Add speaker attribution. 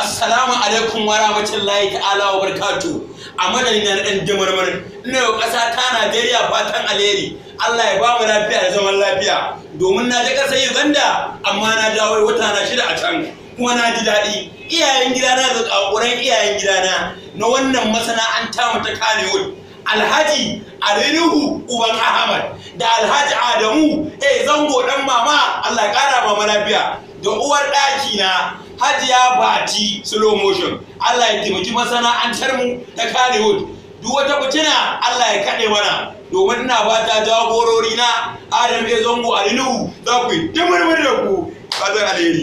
Speaker 1: assalamu alaikum wa rahmatullahi ta'ala wa barkatu a madadin na dan jamarmarin ina yau ƙasa ta najeriya fatan alheri allah ya ba mu lafiya da zaman lafiya domin na je ƙasar uganda amma na dawo wata na shida a can kuma na ji daɗi iyayen gidana da ƙaƙuran iyayen gidana na wannan masana'anta mu ta kanewood alhaji Nuhu uban ahmad da alhaji adamu eh zango dan mama allah ya kara mama lafiya da uwar ɗaki na hajiya bati slow motion allah ya taimaki masana'antar mu ta kanewood duk wata fitina allah ya kaɗe mana domin ina ba ta jawo na adam ya zango Ali
Speaker 2: za ku yi da ku fatan alheri